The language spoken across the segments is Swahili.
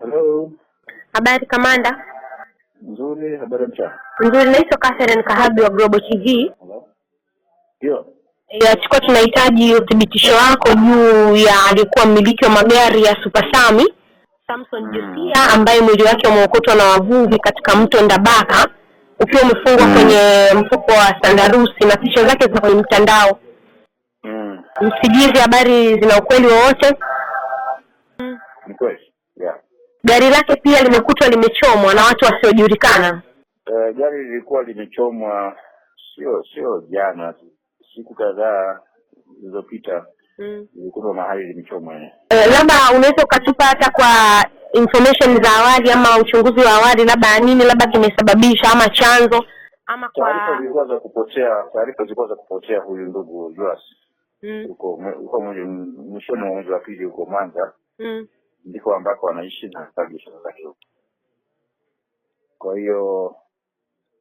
Hello. Habari kamanda? Nzuri, habari mchana. Nzuri, naitwa Catherine Kahabi wa Global TV. Ndio. Yachukua, eh, tunahitaji uthibitisho wako juu ya aliyekuwa mmiliki wa magari ya Super Sami Samson hmm, ambaye mwili wake umeokotwa na wavuvi katika mto Ndabaka ukiwa umefungwa hmm, kwenye mfuko wa sandarusi na picha zake ziko kwenye mtandao mm. Msijizi, habari zina ukweli wowote? Hmm. Ni kweli Gari lake pia limekutwa limechomwa na watu wasiojulikana. E, gari lilikuwa limechomwa sio sio jana, siku kadhaa zilizopita ilikutwa mm. mahali limechomwa. E, labda unaweza ukatupa hata kwa information za awali ama uchunguzi wa awali, labda nini labda kimesababisha ama chanzo ama kwa... taarifa zilikuwa za kupotea, taarifa zilikuwa za kupotea huyu ndugu Joas mm. uko mwishoni mwa mwezi wa pili huko Mwanza mm ndiko ambako wanaishi na hasa biashara zake huko. Kwa hiyo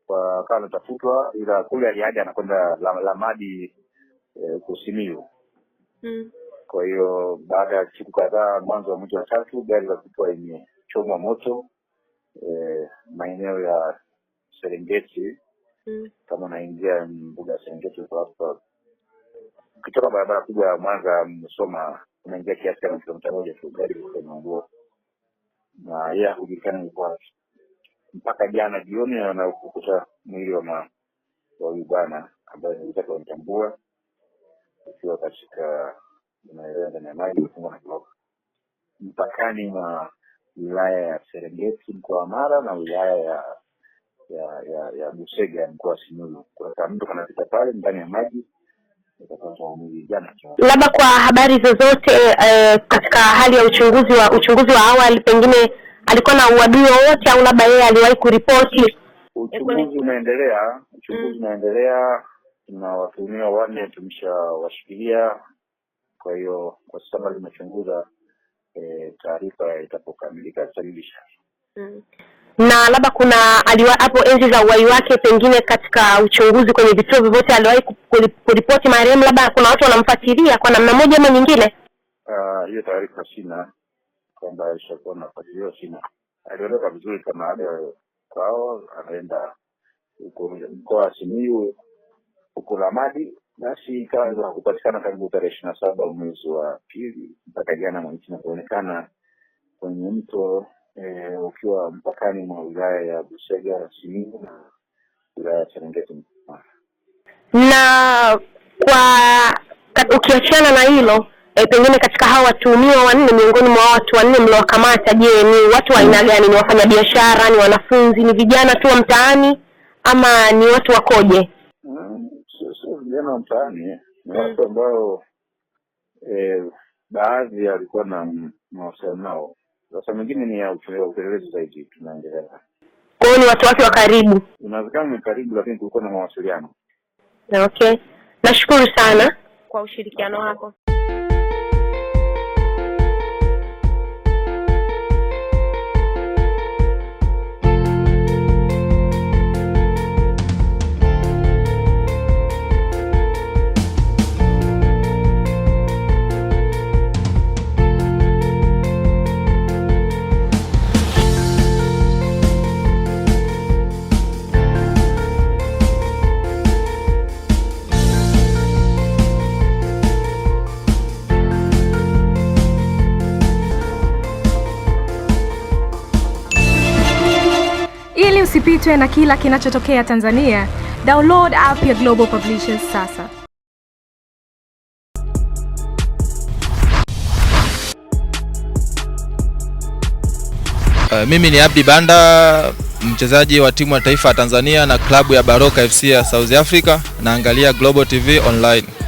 kwa kaa anatafutwa, ila kule aliaga anakwenda Lamadi la e, eh, Kusimiu mm. Kwa hiyo baada ya siku kadhaa, mwanzo wa mwezi wa tatu, gari la kutwa imechomwa moto e, maeneo ya Serengeti mm. kama unaingia mbuga ya Serengeti ukitoka barabara kubwa ya Mwanza Msoma unaingia kiasi kama kilomita moja tu gari linaungua, na yeye hakujulikana ni mpaka jana jioni, anaokukuta mwili wa ma wa huyu bwana ambaye nilitaka wamtambua ukiwa katika unaelea ndani ya maji ufungwa na kiloka mpakani mwa wilaya ya Serengeti mkoa wa Mara na wilaya ya ya ya, ya Busega mkoa wa Simiyu. Kwa mtu kanapita pale ndani ya maji Labda kwa habari zozote eh, katika hali ya uchunguzi wa uchunguzi wa awali, pengine alikuwa na uadui wowote au labda yeye aliwahi kuripoti? Uchunguzi unaendelea, uchunguzi mm. unaendelea na watuhumiwa wanne tumeshawashikilia. Kwa hiyo kwa sasa bado eh, taarifa itapokamilika tutalilisha. mm na labda kuna hapo enzi za uwai wake, pengine katika uchunguzi kwenye vituo vyovyote aliwahi kuripoti marehemu, labda kuna watu wanamfuatilia kwa namna moja ama nyingine? Ah, hiyo uh, taarifa sina kwamba alishakuwa nafuatiliwa, sina. Aliondoka vizuri kama ada kwao, anaenda huko mkoa simiu huko Lamadi, basi ikaanza kupatikana karibu tarehe ishirini na saba mwezi wa pili mpaka jana mwananchi na kuonekana kwenye mto e, ukiwa mpakani mwa wilaya ya Busega na Simiyu na wilaya ya Serengeti Na kwa ukiachana na hilo e, pengine katika hao watuhumiwa wanne, miongoni mwa watu wanne mliowakamata, je, ni watu wa aina gani? Ni wafanyabiashara? Ni wanafunzi? Ni vijana tu wa mtaani ama ni watu wakoje? Mm, sio sio vijana wa mtaani, ni watu ambao eh, baadhi alikuwa na mawasiliano nao sasa mwingine ni ya upelelezi zaidi tunaendelea. Kwa hiyo ni watu wake wa karibu, unawezekana ni karibu, lakini kulikuwa na mawasiliano. Okay, nashukuru sana kwa ushirikiano wako. Usipitwe na kila kinachotokea Tanzania. Download app ya Global Publishers sasa. Uh, mimi ni Abdi Banda mchezaji wa timu ya taifa ya Tanzania na klabu ya Baroka FC ya South Africa. Naangalia Global TV Online.